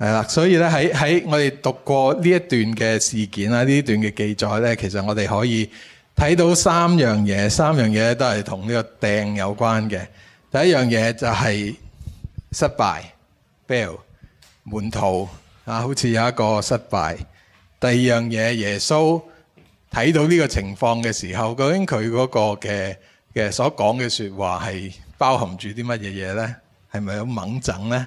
係啦，所以咧喺喺我哋讀過呢一段嘅事件啊，呢一段嘅記載咧，其實我哋可以睇到三樣嘢，三樣嘢都係同呢個掟有關嘅。第一樣嘢就係失敗，bell 門徒啊，好似有一個失敗。第二樣嘢，耶穌睇到呢個情況嘅時候，究竟佢嗰個嘅嘅所講嘅說話係包含住啲乜嘢嘢咧？係咪好猛整咧？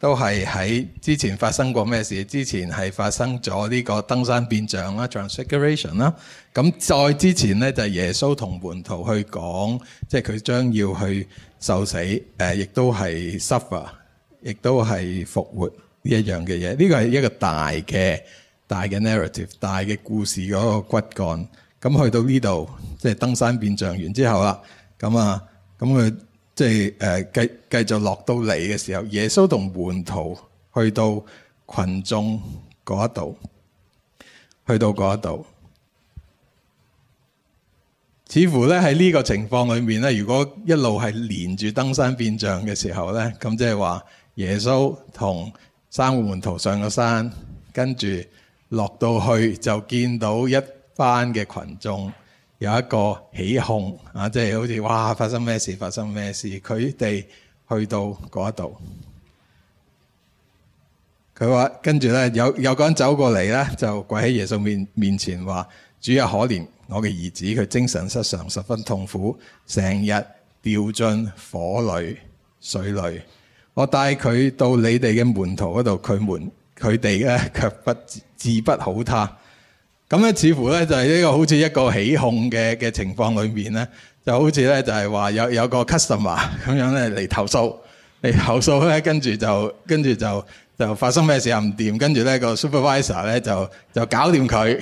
都係喺之前發生過咩事？之前係發生咗呢個登山變像啦 （Transfiguration） 啦，咁再之前咧就係、是、耶穌同門徒去講，即係佢將要去受死，亦、呃、都係 suffer，亦都係復活呢一樣嘅嘢。呢個係一個大嘅大嘅 narrative，大嘅故事嗰個骨幹。咁去到呢度，即係登山變像完之後啦，咁啊，咁佢。即係誒，繼繼續落到嚟嘅時候，耶穌同門徒去到群眾嗰一度，去到嗰一度，似乎咧喺呢個情況裏面咧，如果一路係連住登山變像嘅時候咧，咁即係話耶穌同三門徒上咗山，跟住落到去就見到一班嘅群眾。有一個起哄啊，即係好似哇！發生咩事？發生咩事？佢哋去到嗰度，佢話：跟住咧，有有個人走過嚟咧，就跪喺耶穌面面前話：主啊，可憐我嘅兒子，佢精神失常，十分痛苦，成日掉進火裏、水裏。我帶佢到你哋嘅門徒嗰度，佢門佢哋咧卻不治治不好他。咁咧，似乎咧就係呢個好似一個起哄嘅嘅情況裏面咧，就好似咧就係話有有個 customer 咁樣咧嚟投訴，嚟投訴咧，跟住就跟住就就發生咩事啊，唔掂，跟住咧個 supervisor 咧就就搞掂佢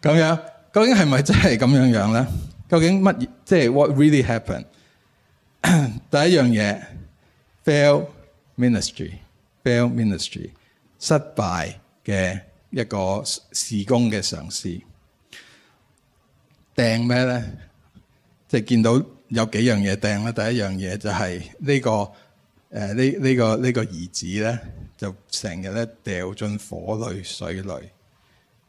咁樣。究竟係咪真係咁樣樣咧？究竟乜嘢？即係 what really happened？第一樣嘢 fail ministry，fail ministry，失敗嘅。一個試工嘅嘗試掟咩咧？即係見到有幾樣嘢掟啦。第一樣嘢就係呢、呢個誒呢呢個呢、呢個呢個兒子咧，就成日咧掉進火裏水裏，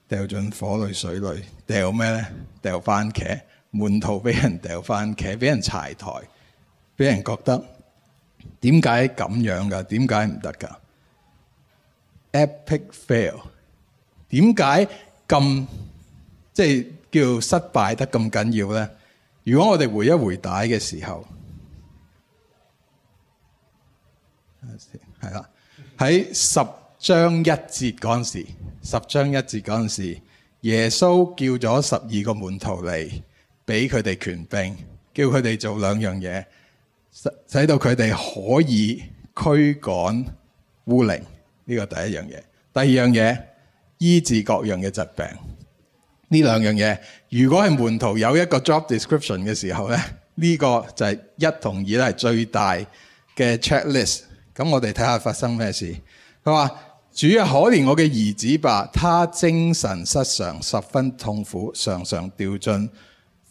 掉進火裏水裏，掉咩咧？掉番茄，滿頭俾人掉番茄，俾人柴台，俾人覺得點解咁樣噶？點解唔得噶？Epic fail！點解咁即係叫失敗得咁緊要咧？如果我哋回一回帶嘅時候，係啦，喺十章一節嗰陣時，十章一節嗰陣時，耶穌叫咗十二個門徒嚟，俾佢哋權柄，叫佢哋做兩樣嘢，使使到佢哋可以驅趕污靈。呢個第一樣嘢，第二樣嘢。醫治各樣嘅疾病，呢兩樣嘢，如果係門徒有一個 job description 嘅時候咧，呢個就係一同二咧係最大嘅 checklist。咁我哋睇下發生咩事。佢話主啊，可憐我嘅兒子吧，他精神失常，十分痛苦，常常掉進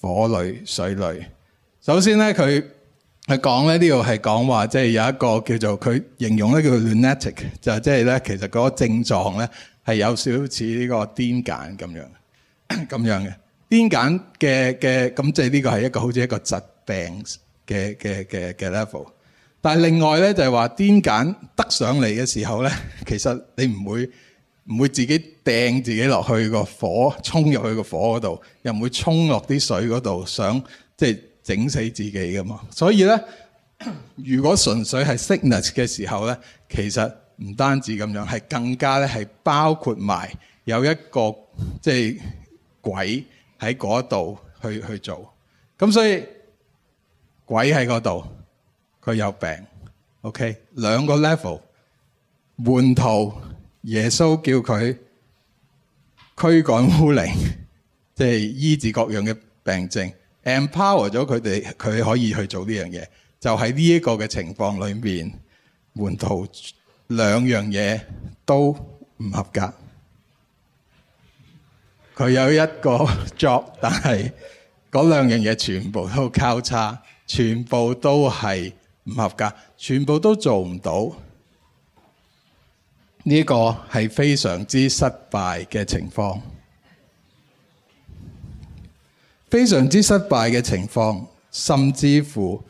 火裏水裏。首先咧，佢佢講咧呢度係講話即係、就是、有一個叫做佢形容咧叫做 lunatic 就即係咧其實嗰個症狀咧。係有少少似呢個癲癇咁樣的，咁樣嘅癲癇嘅嘅，咁即係呢個係一個好似一個疾病嘅嘅嘅嘅 level。但係另外咧就係話癲癇得上嚟嘅時候咧，其實你唔會唔會自己掟自己落去個火衝入去個火嗰度，又唔會衝落啲水嗰度想即係整死自己㗎嘛。所以咧，如果純粹係 signs 嘅時候咧，其實。唔單止咁樣，係更加咧，係包括埋有一個即係鬼喺嗰度去去做咁，所以鬼喺嗰度佢有病。OK，兩個 level，門徒耶穌叫佢驅趕污靈，即係醫治各樣嘅病症，empower 咗佢哋，佢可以去做呢樣嘢。就喺呢一個嘅情況裏面，門徒。兩樣嘢都唔合格，佢有一個 job，但係嗰兩樣嘢全部都交叉，全部都係唔合格，全部都做唔到。呢個係非常之失敗嘅情況，非常之失敗嘅情況，甚至乎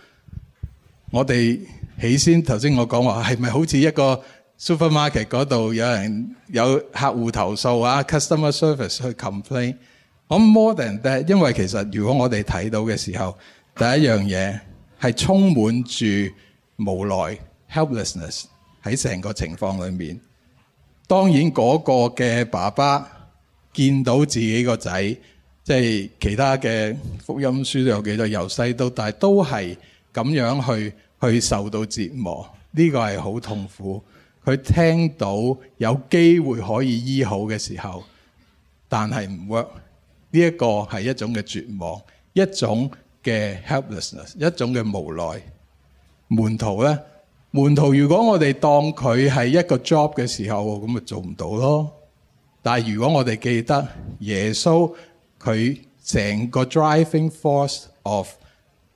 我哋。起先頭先，我講話係咪好似一個 supermarket 嗰度有人有客戶投訴啊？customer service 去 complain。我 more than that，因為其實如果我哋睇到嘅時候，第一樣嘢係充滿住無奈 helplessness 喺成個情況裏面。當然嗰個嘅爸爸見到自己個仔，即係其他嘅福音書都有幾多，由細到大都係咁樣去。佢受到折磨，呢個係好痛苦。佢聽到有機會可以醫好嘅時候，但係唔 work，呢一個係一種嘅絕望，一種嘅 helplessness，一種嘅無奈。門徒呢，門徒如果我哋當佢係一個 job 嘅時候，ô 咁咪做唔到囉。但係如果我哋記得，耶穌佢成個 driving force of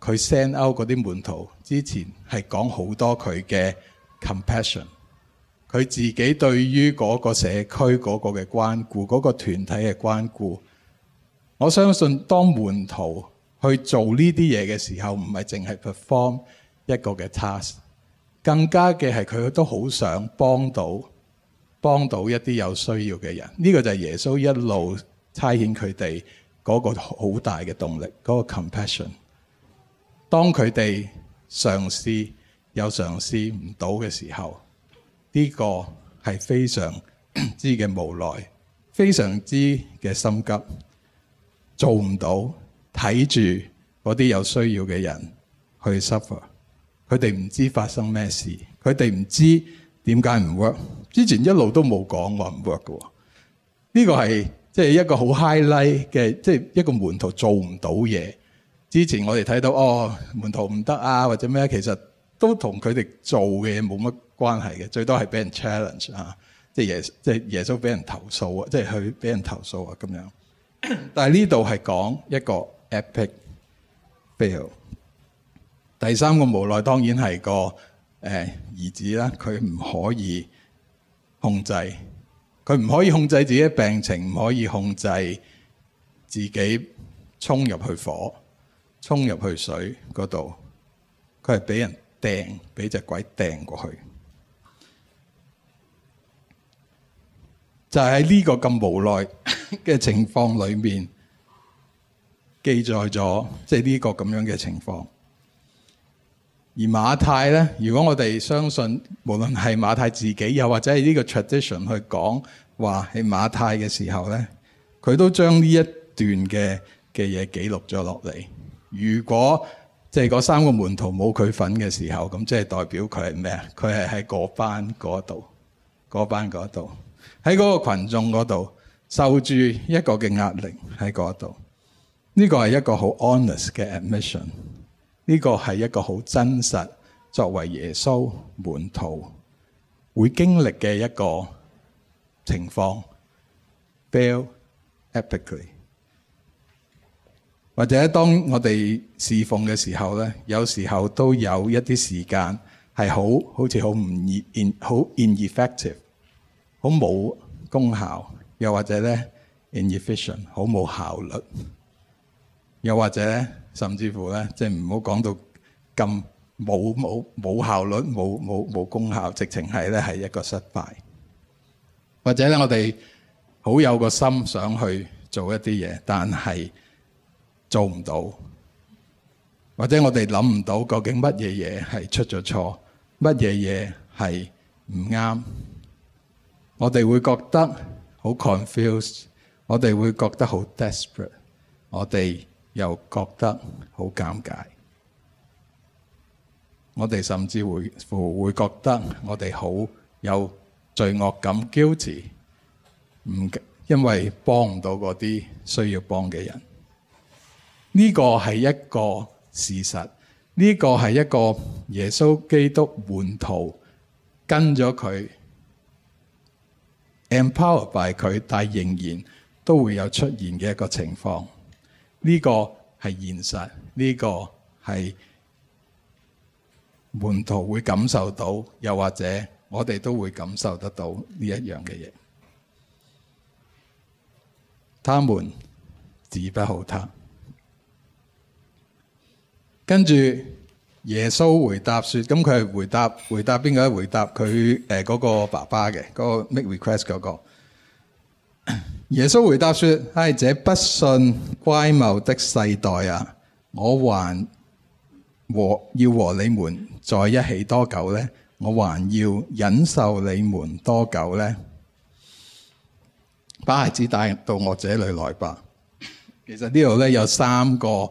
佢 send out 嗰啲門徒，之前係講好多佢嘅 compassion，佢自己對於嗰個社區嗰個嘅關顧，嗰個團體嘅關顧。我相信當門徒去做呢啲嘢嘅時候，唔係淨係 perform 一個嘅 task，更加嘅係佢都好想幫到幫到一啲有需要嘅人。呢個就係耶穌一路差遣佢哋嗰個好大嘅動力，嗰個 compassion。當佢哋嘗試有嘗試唔到嘅時候，呢個係非常之嘅無奈，非常之嘅心急，做唔到，睇住嗰啲有需要嘅人去 suffer，佢哋唔知發生咩事，佢哋唔知點解唔 work，之前一路都冇講我唔 work 嘅，呢個係即係一個好 highlight 嘅，即係一個門徒做唔到嘢。之前我哋睇到哦，門徒唔得啊，或者咩，其實都同佢哋做嘅冇乜關係嘅，最多係俾人 challenge 啊，即係耶即係耶穌俾人投訴啊，即係去俾人投訴啊咁樣。但係呢度係講一個 epic fail。第三個無奈當然係個誒兒子啦，佢唔可以控制，佢唔可以控制自己病情，唔可以控制自己衝入去火，衝入去水嗰度，佢係俾人掟，俾隻鬼掟過去，就係喺呢個咁無奈嘅情況裏面，記載咗即係呢個咁樣嘅情況。而馬太呢，如果我哋相信，無論係馬太自己，又或者係呢個 tradition 去講話係馬太嘅時候呢，佢都將呢一段嘅嘅嘢記錄咗落嚟。如果即係三個門徒冇佢份嘅時候，咁即係代表佢係咩啊？佢係喺嗰班嗰度，嗰班嗰度喺嗰個羣眾嗰度受住一個嘅壓力喺嗰度。呢個係一個好 honest 嘅 admission，呢個係一個好真實作為耶穌門徒會經歷嘅一個情況 Be epically。，或者當我哋侍奉嘅時候呢，有時候都有一啲時間係好好似好唔現好 ineffective，好冇功效，又或者呢 inefficient，好冇效率，又或者呢，甚至乎呢，即係唔好講到咁冇冇冇效率，冇冇冇功效，直情係咧係一個失敗，或者咧我哋好有個心想去做一啲嘢，但係做唔到，或者我哋諗唔到，究竟乜嘢嘢係出咗錯，乜嘢嘢係唔啱。我哋會覺得好 confused，我哋會覺得好 desperate，我哋又覺得好尷尬。我哋甚至會會覺得我哋好有罪惡感、guilty，唔，因為幫唔到嗰啲需要幫嘅人。呢個係一個事實，呢個係一個耶穌基督門徒跟咗佢，empowered by 佢，但仍然都會有出現嘅一個情況。呢個係現實，呢個係門徒會感受到，又或者我哋都會感受得到呢一樣嘅嘢。他們治不好他。跟住耶穌回答說：咁佢係回答回答邊個？回答佢誒嗰個爸爸嘅嗰，那個 make request 嗰，那個。耶穌回答說：唉、哎，這不信乖謬的世代啊，我還和要和你們在一起多久咧？我還要忍受你們多久咧？把孩子帶到我這裏來吧。其實呢度咧有三個。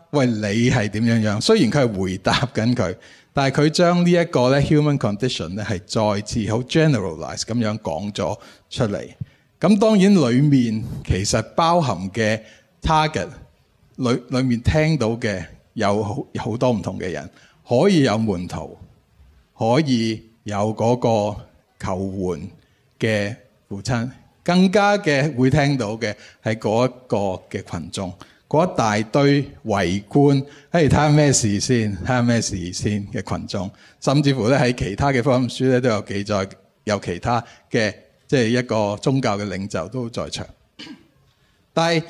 喂，你係點樣樣？雖然佢係回答緊佢，但係佢將呢一個咧 human condition 咧係再次好 generalize 咁樣講咗出嚟。咁當然裏面其實包含嘅 target 裏面聽到嘅有有好多唔同嘅人，可以有門徒，可以有嗰個求援嘅父親，更加嘅會聽到嘅係嗰一個嘅群眾。嗰一大堆圍觀，哎，睇下咩事先，睇下咩事先嘅群眾，甚至乎咧喺其他嘅福音書咧都有記載，有其他嘅即係一個宗教嘅領袖都在場。但係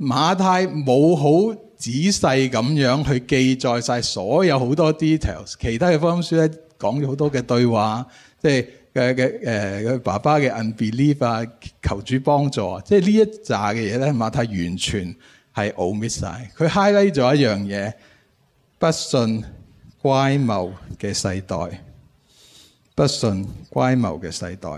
馬太冇好仔細咁樣去記載晒所有好多 details。其他嘅福音書咧講咗好多嘅對話，即係嘅嘅誒爸爸嘅 unbelief 啊，求主幫助啊，即係呢一紮嘅嘢咧，馬太完全。係 omit 曬佢，highlight 咗一樣嘢，不信乖謬嘅世代，不信乖謬嘅世代。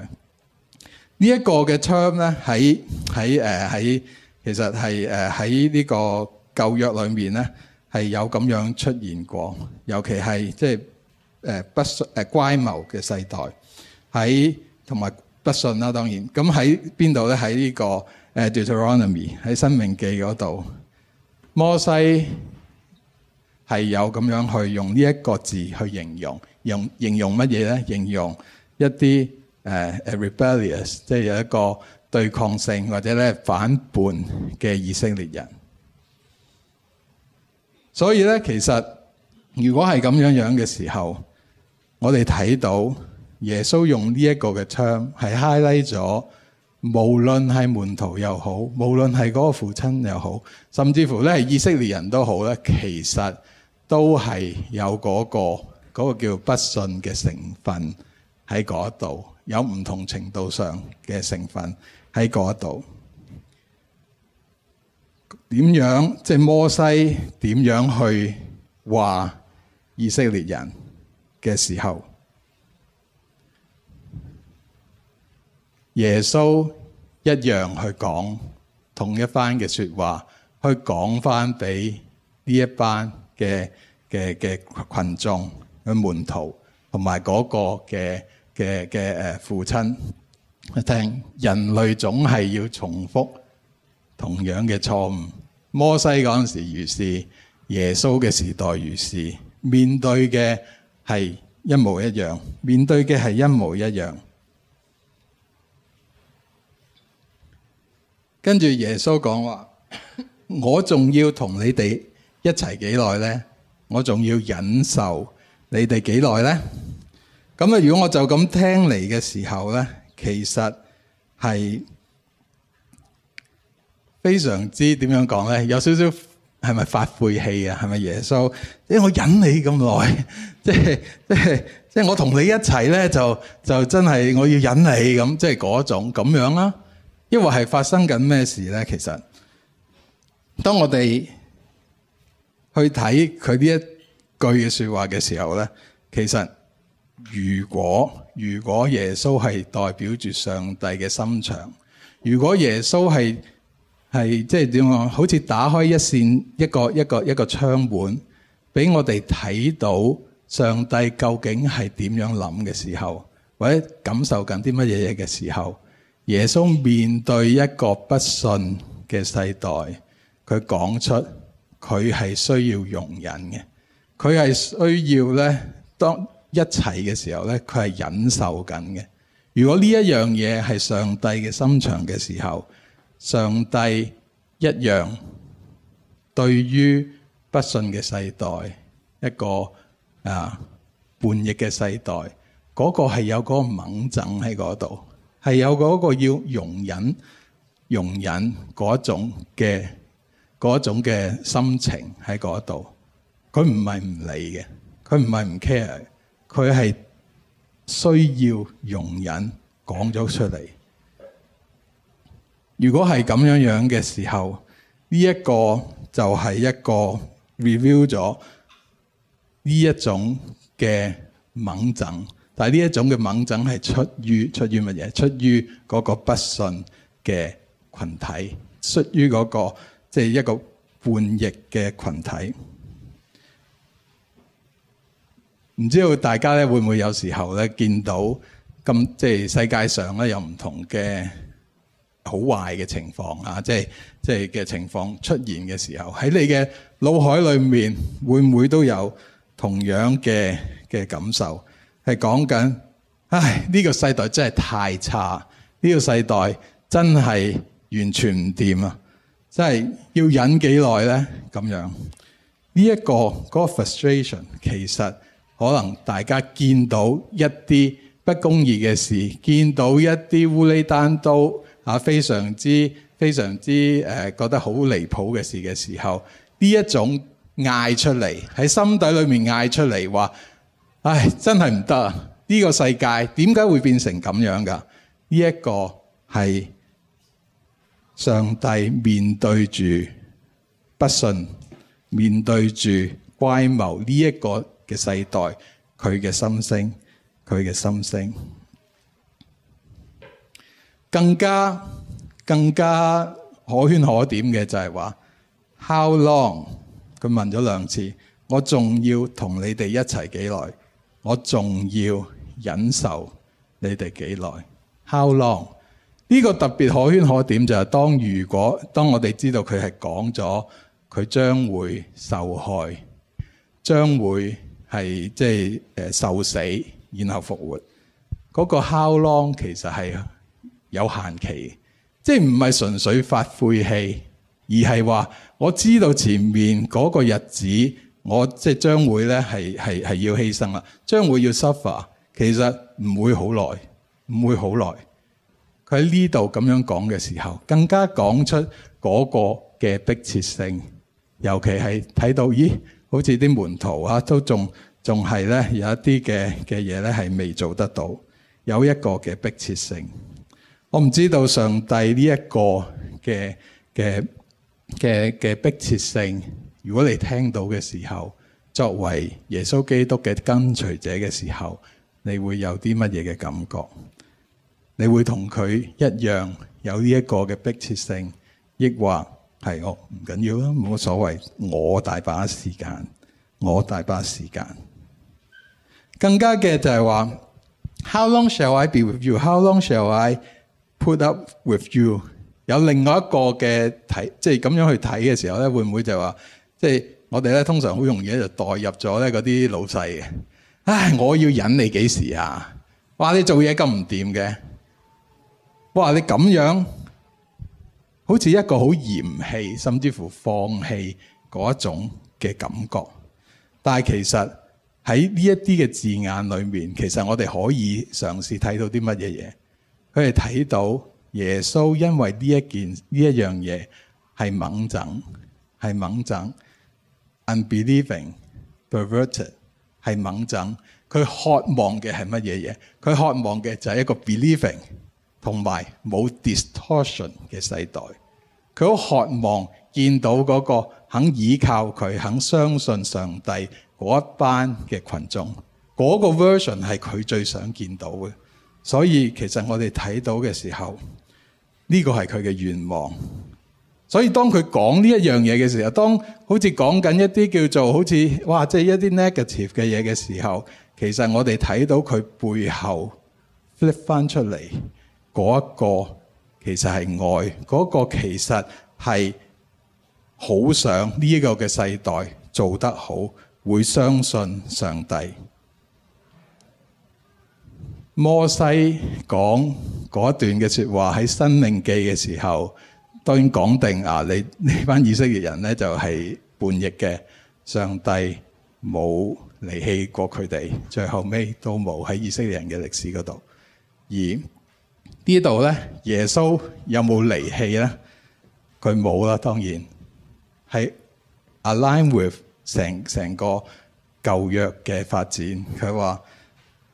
呢一個嘅 term 咧，喺喺誒喺，其實係誒喺呢個舊約裏面咧，係有咁樣出現過。尤其係即係誒不信誒乖謬嘅世代，喺同埋不信啦。當然咁喺邊度咧？喺呢個。Deuteronomy 喺《申命記》嗰度，摩西係有咁樣去用呢一個字去形容，用形容乜嘢呢？形容一啲誒、uh, rebellious，即係有一個對抗性或者咧反叛嘅以色列人。所以呢，其實如果係咁樣樣嘅時候，我哋睇到耶穌用呢一個嘅 term 係 highlight 咗。無論係門徒又好，無論係嗰個父親又好，甚至乎咧係以色列人都好咧，其實都係有嗰個嗰個叫不信嘅成分喺嗰度，有唔同程度上嘅成分喺嗰度。點樣即係摩西點樣去話以色列人嘅時候，耶穌一樣去講同一番嘅說話，去講翻俾呢一班嘅嘅嘅群眾嘅門徒同埋嗰個嘅嘅嘅誒父親一聽，人類總係要重複同樣嘅錯誤。摩西嗰陣時如是，耶穌嘅時代如是，面對嘅係一模一樣，面對嘅係一模一樣。跟住耶穌講話，我仲要同你哋一齊幾耐咧？我仲要忍受你哋幾耐咧？咁啊，如果我就咁聽嚟嘅時候咧，其實係非常之點樣講咧？有少少係咪發晦氣啊？係咪耶穌？因為，哎，我忍你咁耐，即係即係即係我同你一齊咧，就就真係我要忍你咁，即係嗰種咁樣啦。因為係發生緊咩事咧？其實當我哋去睇佢呢一句嘅說話嘅時候咧，其實如果如果耶穌係代表住上帝嘅心腸，如果耶穌係係即係點講，好似打開一扇一個一個一個窗門，俾我哋睇到上帝究竟係點樣諗嘅時候，或者感受緊啲乜嘢嘢嘅時候。耶穌面對一個不信嘅世代，佢講出佢係需要容忍嘅，佢係需要咧當一切嘅時候咧，佢係忍受緊嘅。如果呢一樣嘢係上帝嘅心腸嘅時候，上帝一樣對於不信嘅世代，一個啊叛逆嘅世代，嗰、嗰個係有嗰個猛症喺嗰度。係有嗰個要容忍、容忍嗰種嘅嗰種嘅心情喺嗰度，佢唔係唔理嘅，佢唔係唔 care，佢係需要容忍講咗出嚟。如果係咁樣樣嘅時候，呢、這個、一個就係一個 review 咗呢一種嘅猛震。但係呢一種嘅猛震係出於出於乜嘢？出於嗰個不信嘅群體，出於嗰個即係一個叛逆嘅群體。唔知道大家咧會唔會有時候咧見到咁即係世界上咧有唔同嘅好壞嘅情況啊？即係即係嘅情況出現嘅時候，喺你嘅腦海裡面會唔會都有同樣嘅嘅感受？係講緊，唉！呢、這個世代真係太差，呢、這個世代真係完全唔掂啊！真係要忍幾耐呢？咁樣呢一、這個嗰、那個 frustration，其實可能大家見到一啲不公義嘅事，見到一啲烏哩單刀啊，非常之非常之誒、呃，覺得好離譜嘅事嘅時候，呢一種嗌出嚟，喺心底裏面嗌出嚟，話。唉，真係唔得啊！呢、這個世界點解會變成咁樣噶？呢、這、一個係上帝面對住不信、面對住乖謬呢一個嘅世代，佢嘅心聲，佢嘅心聲更加更加可圈可點嘅就係、是、話，How long？佢問咗兩次，我仲要同你哋一齊幾耐？我仲要忍受你哋幾耐？How long？呢個特別可圈可點就係當如果當我哋知道佢係講咗佢將會受害，將會係即係、呃、受死，然後復活。嗰個 how long 其實係有限期，即係唔係純粹發晦氣，而係話我知道前面嗰個日子。我即係將會咧係係係要犧牲啦，將會要 suffer。其實唔會好耐，唔會好耐。佢喺呢度咁樣講嘅時候，更加講出嗰個嘅迫切性。尤其係睇到咦，好似啲門徒啊，都仲仲係咧有一啲嘅嘅嘢咧係未做得到，有一個嘅迫切性。我唔知道上帝呢一個嘅嘅嘅嘅迫切性。如果你聽到嘅時候，作為耶穌基督嘅跟隨者嘅時候，你會有啲乜嘢嘅感覺？你會同佢一樣有呢一個嘅迫切性，抑或係我唔緊要啦，冇乜所謂。我大把時間，我大把時間。更加嘅就係話，How long shall I be with you? How long shall I put up with you？有另外一個嘅睇，即係咁樣去睇嘅時候咧，會唔會就話？即係我哋咧，通常好容易就代入咗咧嗰啲老細嘅。唉，我要忍你幾時啊？哇！你做嘢咁唔掂嘅。哇！你咁樣好似一個好嫌棄，甚至乎放棄嗰一種嘅感覺。但係其實喺呢一啲嘅字眼裏面，其實我哋可以嘗試睇到啲乜嘢嘢。佢哋睇到耶穌因為呢一件呢一樣嘢係猛整，係猛整。unbelieving、Un perverted 係猛憎，佢渴望嘅係乜嘢嘢？佢渴望嘅就係一個 believing 同埋冇 distortion 嘅世代。佢好渴望見到嗰、那個肯依靠佢、肯相信上帝嗰一班嘅群眾，嗰、那個 version 係佢最想見到嘅。所以其實我哋睇到嘅時候，呢、這個係佢嘅願望。所以當佢講呢一樣嘢嘅時候，當好似講緊一啲叫做好似哇，即係一啲 negative 嘅嘢嘅時候，其實我哋睇到佢背後 flip 翻出嚟嗰一個，其實係愛，嗰個其實係好想呢一個嘅世代做得好，會相信上帝。摩西講嗰一段嘅説話喺《申命記》嘅時候。當然講定啊，你呢班以色列人咧就係叛逆嘅上帝，冇離棄過佢哋。最後尾都冇喺以色列人嘅歷史嗰度。而呢度咧，耶穌有冇離棄咧？佢冇啦。當然係 align with 成成個舊約嘅發展。佢話：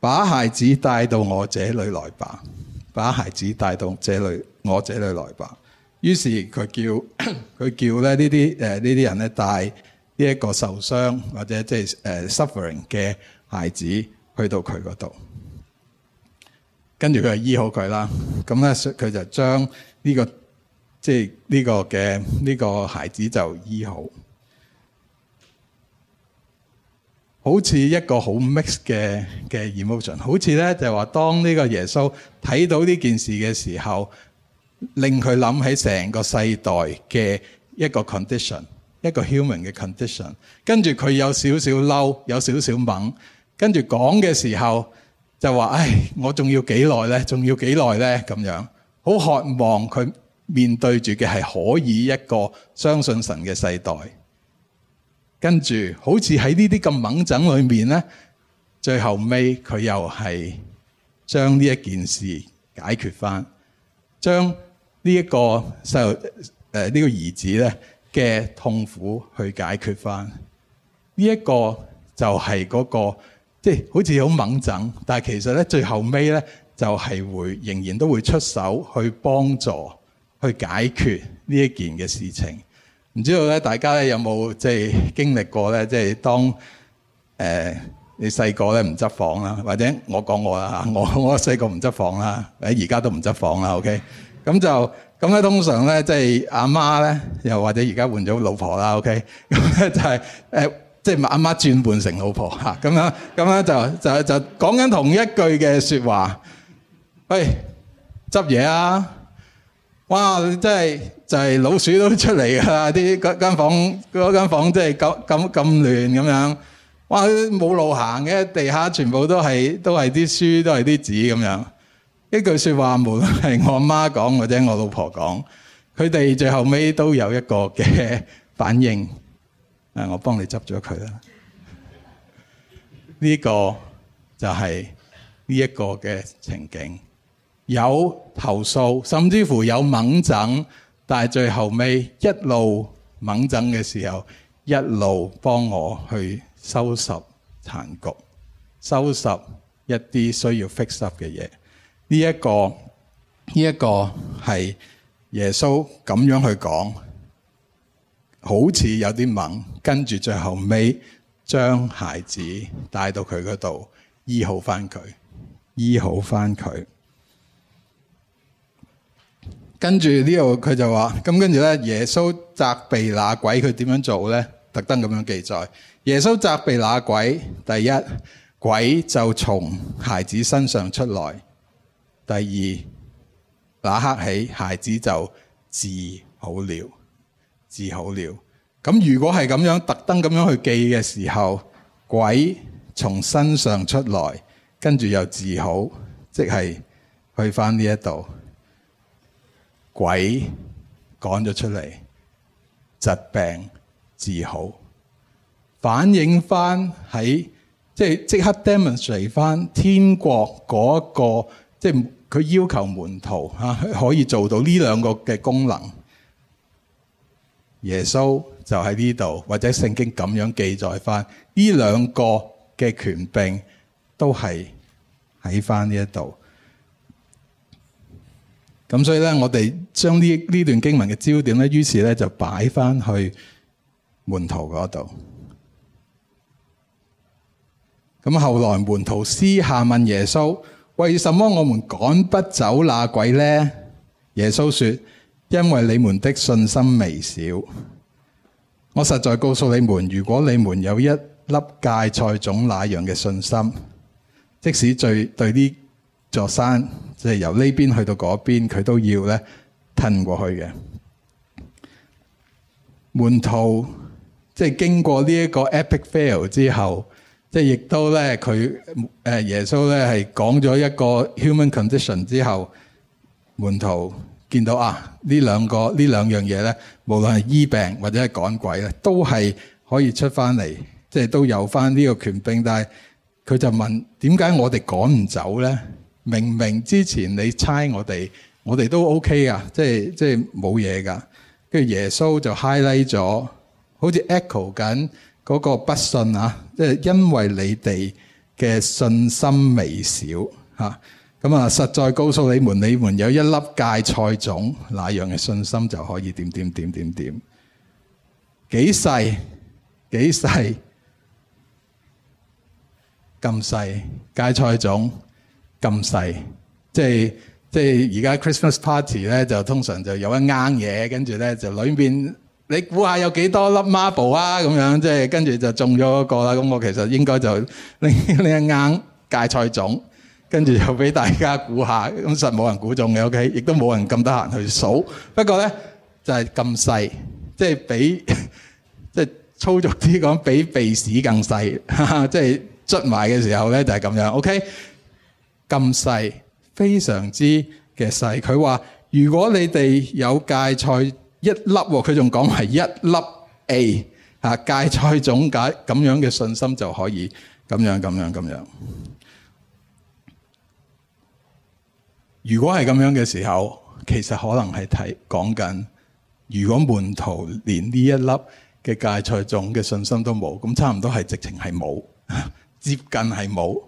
把孩子帶到我這裏來吧，把孩子帶到這裏我這裏來吧。於是佢叫佢叫咧呢啲誒、呃、呢啲人咧帶呢一個受傷或者即係誒 suffering 嘅孩子去到佢嗰度，跟住佢就醫好佢啦。咁咧佢就將呢、這個即係呢個嘅呢、這個孩子就醫好，好似一個好 mixed 嘅嘅 emotion，好似咧就話、係、當呢個耶穌睇到呢件事嘅時候。令佢諗起成個世代嘅一個 condition，一個 human 嘅 condition。跟住佢有少少嬲，有少少猛。跟住講嘅時候就話：「唉，我仲要幾耐呢？仲要幾耐呢？」咁樣好渴望佢面對住嘅係可以一個相信神嘅世代。跟住好似喺呢啲咁猛整裏面呢，最後尾佢又係將呢一件事解決翻，將。呢一個細路誒，呢個兒子咧嘅痛苦去解決返。呢、這、一個就係嗰、那個，即係好似好猛憎，但係其實咧最後尾咧就係會仍然都會出手去幫助去解決呢一件嘅事情。唔知道咧，大家咧有冇即係經歷過咧？即係當誒、呃、你細個咧唔執房啦，或者我講我啦，我我細個唔執房啦，誒而家都唔執房啦，OK。咁就咁咧，通常咧即係阿媽咧，又或者而家換咗老婆啦，OK？咁咧就係誒，即係阿媽轉換成老婆嚇，咁樣咁樣就就就講緊同一句嘅說話。喂、哎，執嘢啊！哇，真係就係、是、老鼠都出嚟㗎啦！啲嗰間房嗰間房真係咁咁咁亂咁樣。哇，冇路行嘅，地下全部都係都係啲書，都係啲紙咁樣。呢句說話，無論係我媽講或者我老婆講，佢哋最後尾都有一個嘅反應。我幫你執咗佢啦。呢、呢個就係呢一個嘅情景，有投訴，甚至乎有猛診，但係最後尾一路猛診嘅時候，一路幫我去收拾殘局，收拾一啲需要 fix up 嘅嘢。呢一個呢一個係耶穌咁樣去講，好似有啲猛，跟住最後尾將孩子帶到佢嗰度醫好翻佢，醫好翻佢。跟住呢度佢就話，咁跟住咧耶穌責備那鬼，佢點樣做咧？特登咁樣記載，耶穌責備那鬼，第一鬼就從孩子身上出來。第二那刻起，孩子就治好了，治好了。咁如果係咁樣特登咁樣去記嘅時候，鬼從身上出來，跟住又治好，即係去翻呢一度鬼趕咗出嚟，疾病治好，反映翻喺即係即刻 demonstrate 翻天國嗰個。即係佢要求門徒吓可以做到呢兩個嘅功能，耶穌就喺呢度，或者聖經咁樣記載翻呢兩個嘅權柄都係喺翻呢一度。咁所以咧，我哋將呢呢段經文嘅焦點咧，於是咧就擺翻去門徒嗰度。咁後來門徒私下問耶穌。為什麼我們趕不走那鬼呢？耶穌說：因為你們的信心微小。我實在告訴你們，如果你們有一粒芥菜種那樣嘅信心，即使最對呢座山，即係由呢邊去到嗰邊，佢都要咧吞過去嘅。門徒即係經過呢一個 epic fail 之後。即係亦都咧，佢，誒耶穌咧係講咗一個 human condition 之後，門徒見到啊，呢兩個呢兩樣嘢咧，無論係醫病或者係趕鬼咧，都係可以出翻嚟，即係都有翻呢個權柄。但係佢就問：點解我哋趕唔走咧？明明之前你猜我哋，我哋都 OK 啊，即係即係冇嘢㗎。跟住耶穌就 highlight 咗，好似 echo 緊。嗰個不信啊，即係因為你哋嘅信心微小吓。咁啊，實在告訴你們，你們有一粒芥菜種，那樣嘅信心就可以點點點點點，幾細幾細咁細，芥菜種咁細，即係即係而家 Christmas party 咧，就通常就有一啱嘢，跟住咧就裏面。你估下有幾多粒 marble 啊？咁樣即係跟住就中咗嗰個啦。咁我其實應該就拎呢一盒芥菜種，跟住就俾大家估下。咁實冇人估中嘅。O K，亦都冇人咁得閒去數。不過咧就係咁細，即係比即係粗俗啲講，比鼻屎更細。即係捽埋嘅時候咧就係咁樣。O K，咁細，非常之嘅細。佢話如果你哋有芥菜。一粒喎，佢仲講埋一粒 A，啊芥菜種解咁樣嘅信心就可以咁樣咁樣咁樣。如果係咁樣嘅時候，其實可能係睇講緊，如果門徒連呢一粒嘅芥菜種嘅信心都冇，咁差唔多係直情係冇，接近係冇，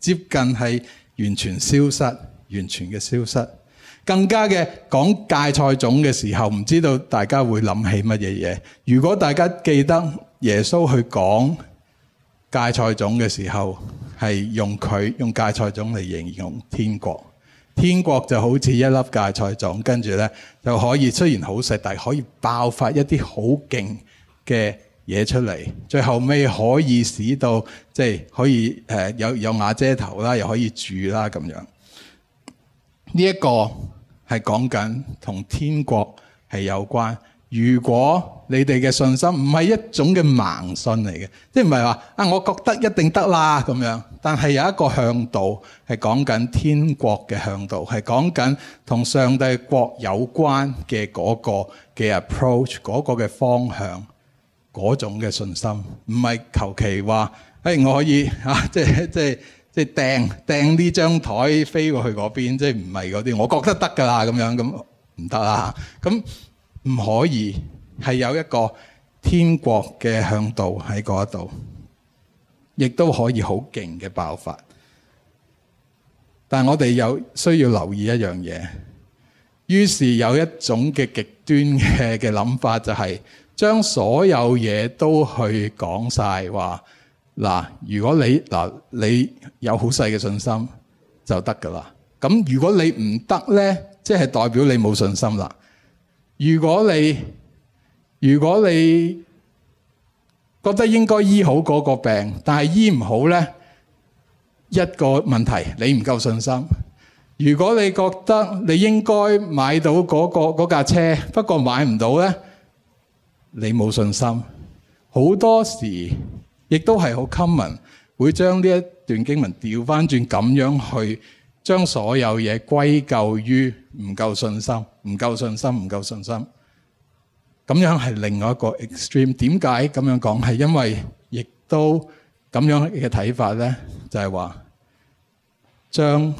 接近係完全消失，完全嘅消失。更加嘅講芥菜種嘅時候，唔知道大家會諗起乜嘢嘢？如果大家記得耶穌去講芥菜種嘅時候，係用佢用芥菜種嚟形容天國，天國就好似一粒芥菜種，跟住咧就可以雖然好細，但係可以爆發一啲好勁嘅嘢出嚟，最後尾可以使到即係、就是、可以誒、呃、有有瓦遮頭啦，又可以住啦咁樣。呢、這、一個。係講緊同天國係有關。如果你哋嘅信心唔係一種嘅盲信嚟嘅，即係唔係話啊我覺得一定得啦咁樣。但係有一個向度係講緊天國嘅向度，係講緊同上帝國有關嘅嗰個嘅 approach，嗰個嘅方向，嗰種嘅信心，唔係求其話，誒我可以啊即係即係。即係掟掟呢張枱飛過去嗰邊，即係唔係嗰啲？我覺得得㗎啦，咁樣咁唔得啦，咁唔可以係有一個天國嘅向度喺嗰度，亦都可以好勁嘅爆發。但係我哋有需要留意一樣嘢，於是有一種嘅極端嘅嘅諗法，就係將所有嘢都去講晒話。嗱，如果你嗱你有好細嘅信心就得噶啦。咁如果你唔得呢，即係代表你冇信心啦。如果你如果你覺得應該醫好嗰個病，但係醫唔好呢，一個問題你唔夠信心。如果你覺得你應該買到嗰個嗰架車，不過買唔到呢，你冇信心。好多時。亦都係好 common，會將呢一段經文調翻轉咁樣去，將所有嘢歸咎於唔夠信心，唔夠信心，唔夠信心。咁樣係另外一個 extreme。點解咁樣講？係因為亦都咁樣嘅睇法咧，就係話將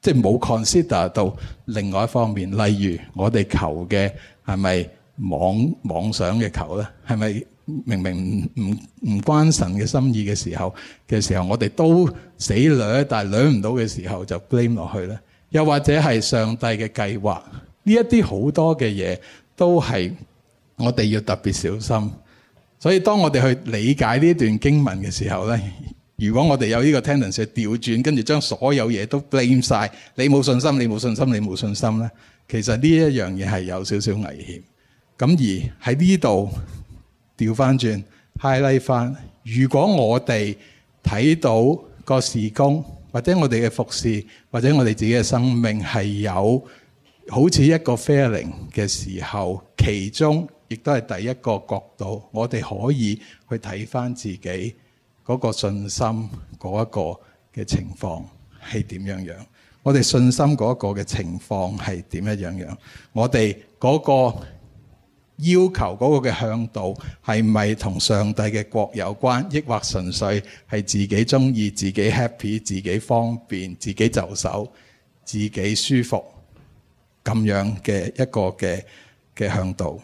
即係冇 consider 到另外一方面，例如我哋求嘅係咪妄妄想嘅求咧？係咪？明明唔唔唔關神嘅心意嘅時候嘅時候，我哋都死攞，但係攞唔到嘅時候就 blame 落去咧。又或者係上帝嘅計劃呢一啲好多嘅嘢都係我哋要特別小心。所以當我哋去理解呢一段經文嘅時候咧，如果我哋有呢個 tendency 去調轉，跟住將所有嘢都 blame 曬，你冇信心，你冇信心，你冇信心咧，其實呢一樣嘢係有少少危險。咁而喺呢度。調翻轉，highlight 翻。如果我哋睇到個時工，或者我哋嘅服侍，或者我哋自己嘅生命係有好似一個 failing 嘅時候，其中亦都係第一個角度，我哋可以去睇翻自己嗰個信心嗰一個嘅情況係點樣樣。我哋信心嗰一個嘅情況係點樣樣。我哋嗰、嗰個。要求嗰個嘅向度係咪同上帝嘅國有關，抑或純粹係自己中意、自己 happy、自己方便、自己就手、自己舒服咁樣嘅一個嘅嘅向度？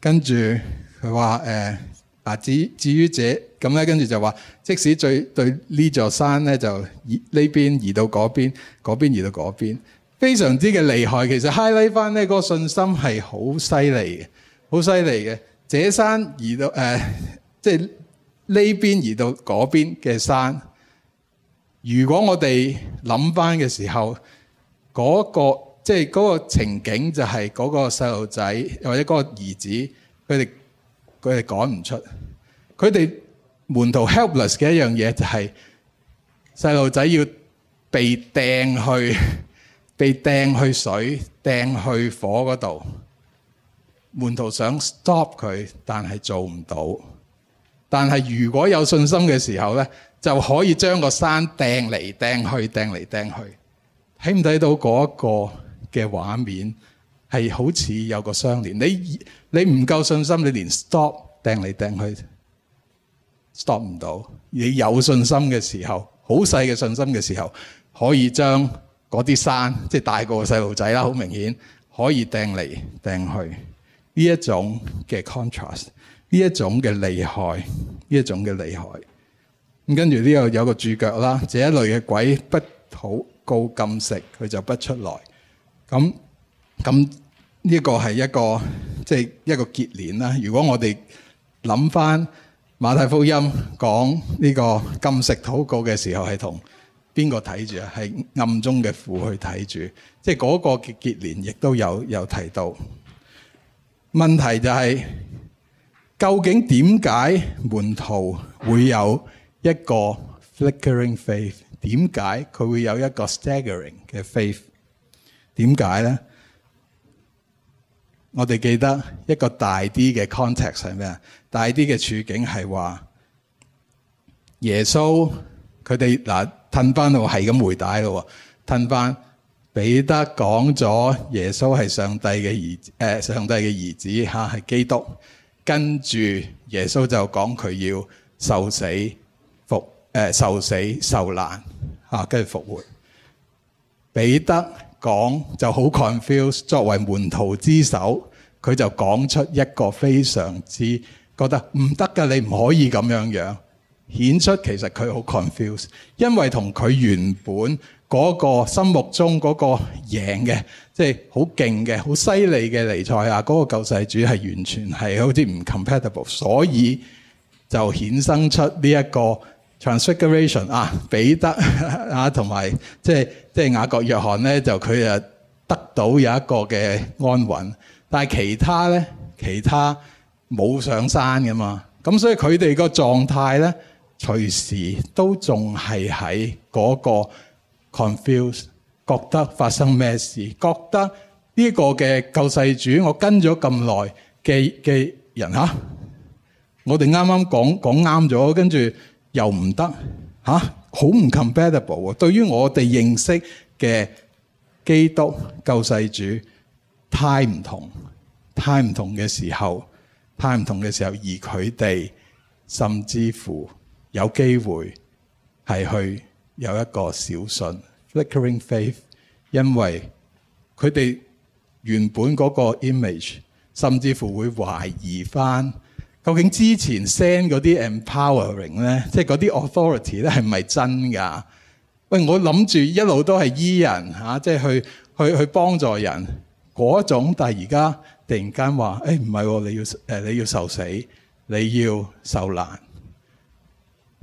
跟住佢話：誒嗱，至至於這咁咧，跟住就話，即使對呢座山咧，就移呢邊移到嗰邊，嗰邊移到嗰邊。非常之嘅厲害，其實 highlight 翻呢個信心係好犀利嘅，好犀利嘅。這山移到誒，即係呢邊移到嗰邊嘅山。如果我哋諗翻嘅時候，嗰個即係嗰個情景就係嗰個細路仔或者嗰個兒子，佢哋佢哋趕唔出。佢哋門徒 helpless 嘅一樣嘢就係細路仔要被掟去。被掟去水、掟去火嗰度，門徒想 stop 佢，但係做唔到。但係如果有信心嘅時候呢，就可以將個山掟嚟掟去、掟嚟掟去。睇唔睇到嗰一個嘅畫面係好似有個相連？你你唔夠信心，你連 stop 掟嚟掟去，stop 唔到。你有信心嘅時候，好細嘅信心嘅時候，可以將。嗰啲山即係大過細路仔啦，好明顯可以掟嚟掟去呢一種嘅 contrast，呢一種嘅厲害，呢一種嘅厲害。咁跟住呢個有個主角啦，這一類嘅鬼不禱告禁食，佢就不出來。咁咁呢個個係一個即係、就是、一個結連啦。如果我哋諗翻馬太福音講呢個禁食禱告嘅時候係同。邊個睇住啊？係暗中嘅父去睇住，即係嗰個結結連亦都有有提到。問題就係究竟點解門徒會有一個 flickering faith？點解佢會有一個 staggering 嘅 faith？點解咧？我哋記得一個大啲嘅 context 係咩？大啲嘅處境係話耶穌佢哋嗱。褪翻到係咁回帶咯，褪翻彼得講咗耶穌係上帝嘅兒，誒上帝嘅兒子嚇係基督。跟住耶穌就講佢要受死、復誒受死受難嚇，跟住復活。彼得講就好 confused，作為門徒之首，佢就講出一個非常之覺得唔得嘅，你唔可以咁樣樣。顯出其實佢好 confused 因為同佢原本嗰個心目中嗰個贏嘅，即係好勁嘅、好犀利嘅尼賽亞，嗰、嗰個救世主係完全係好似唔 compatible，所以就衍生出呢一個 transfiguration 啊，彼得啊同埋即係即係雅各、約翰咧，就佢啊得到有一個嘅安穩，但係其他咧，其他冇上山㗎嘛，咁所以佢哋個狀態咧。隨時都仲係喺嗰個 confuse，覺得發生咩事？覺得呢個嘅救世主我，我跟咗咁耐嘅嘅人吓，我哋啱啱講講啱咗，跟住又唔得吓，好唔 compatible 啊！對於我哋認識嘅基督救世主，太唔同，太唔同嘅時候，太唔同嘅時候，而佢哋甚至乎。有機會係去有一個小信 Flickering Faith，因為佢哋原本嗰個 image，甚至乎會懷疑返究竟之前 send 嗰啲 empowering 咧，即係嗰啲 authority 咧係唔係真㗎？喂，我諗住一路都係醫人嚇、啊，即係去去去幫助人嗰種，但係而家突然間話：誒唔係，你要誒你要受死，你要受難。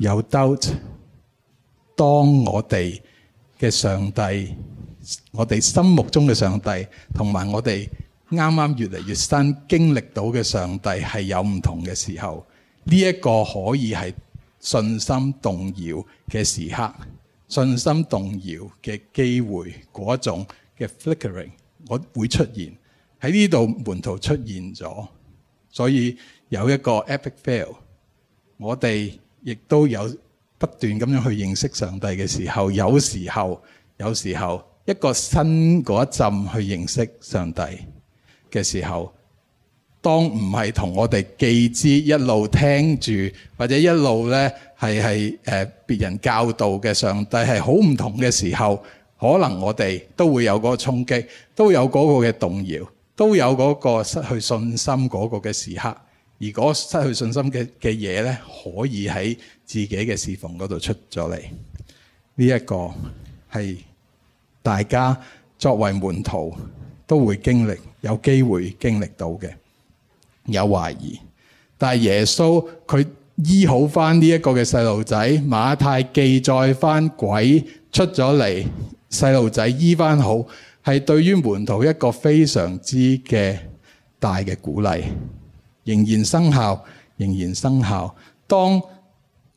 有 doubt，當我哋嘅上帝，我哋心目中嘅上帝，同埋我哋啱啱越嚟越新經歷到嘅上帝係有唔同嘅時候，呢一個可以係信心動搖嘅時刻，信心動搖嘅機會嗰種嘅 flickering，我會出現喺呢度，門徒出現咗，所以有一個 epic fail，我哋。亦都有不斷咁樣去認識上帝嘅時候，有時候有時候一個新嗰一陣去認識上帝嘅時候，當唔係同我哋既知一路聽住或者一路咧係係誒別人教導嘅上帝係好唔同嘅時候，可能我哋都會有個衝擊，都有嗰個嘅動搖，都有嗰個失去信心嗰個嘅時刻。如果失去信心嘅嘅嘢咧，可以喺自己嘅侍奉嗰度出咗嚟，呢一個係大家作為門徒都會經歷，有機會經歷到嘅。有懷疑，但係耶穌佢醫好翻呢一個嘅細路仔，馬太記載翻鬼出咗嚟，細路仔醫翻好，係對於門徒一個非常之嘅大嘅鼓勵。仍然生效，仍然生效。當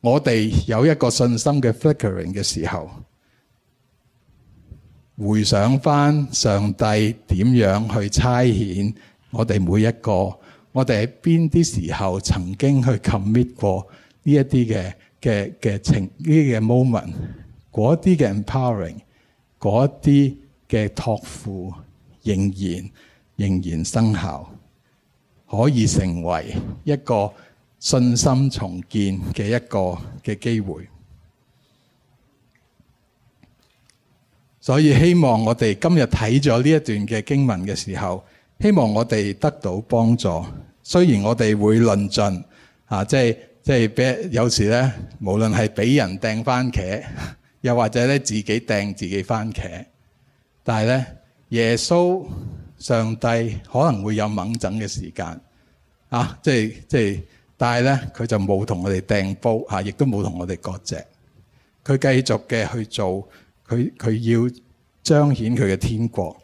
我哋有一個信心嘅 flickering 嘅時候，回想翻上帝點樣去差遣我哋每一個，我哋喺邊啲時候曾經去 commit 過呢一啲嘅嘅嘅情呢嘅 moment，嗰啲嘅 empowering，嗰啲嘅託付，仍然仍然生效。可以成為一個信心重建嘅一個嘅機會，所以希望我哋今日睇咗呢一段嘅經文嘅時候，希望我哋得到幫助。雖然我哋會論盡啊，即係即係俾有時呢，無論係俾人掟番茄，又或者呢自己掟自己番茄，但係呢耶穌。上帝可能會有猛整嘅時間啊，即係即係，但係咧佢就冇同我哋掟煲嚇，亦、啊、都冇同我哋割席。佢繼續嘅去做佢佢要彰顯佢嘅天國。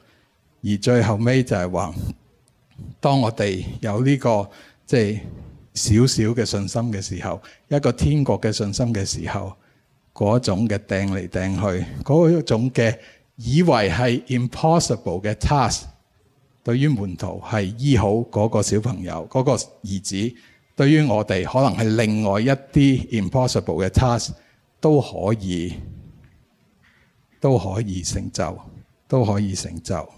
而最後尾就係話，當我哋有呢、這個即係少少嘅信心嘅時候，一個天國嘅信心嘅時候，嗰種嘅掟嚟掟去嗰種嘅以為係 impossible 嘅 task。對於門徒係醫好嗰個小朋友，嗰個兒子，對於我哋可能係另外一啲 impossible 嘅 task 都可以，都可以成就，都可以成就。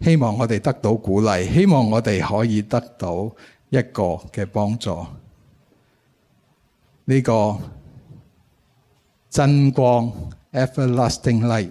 希望我哋得到鼓勵，希望我哋可以得到一個嘅幫助。呢個真光，everlasting light。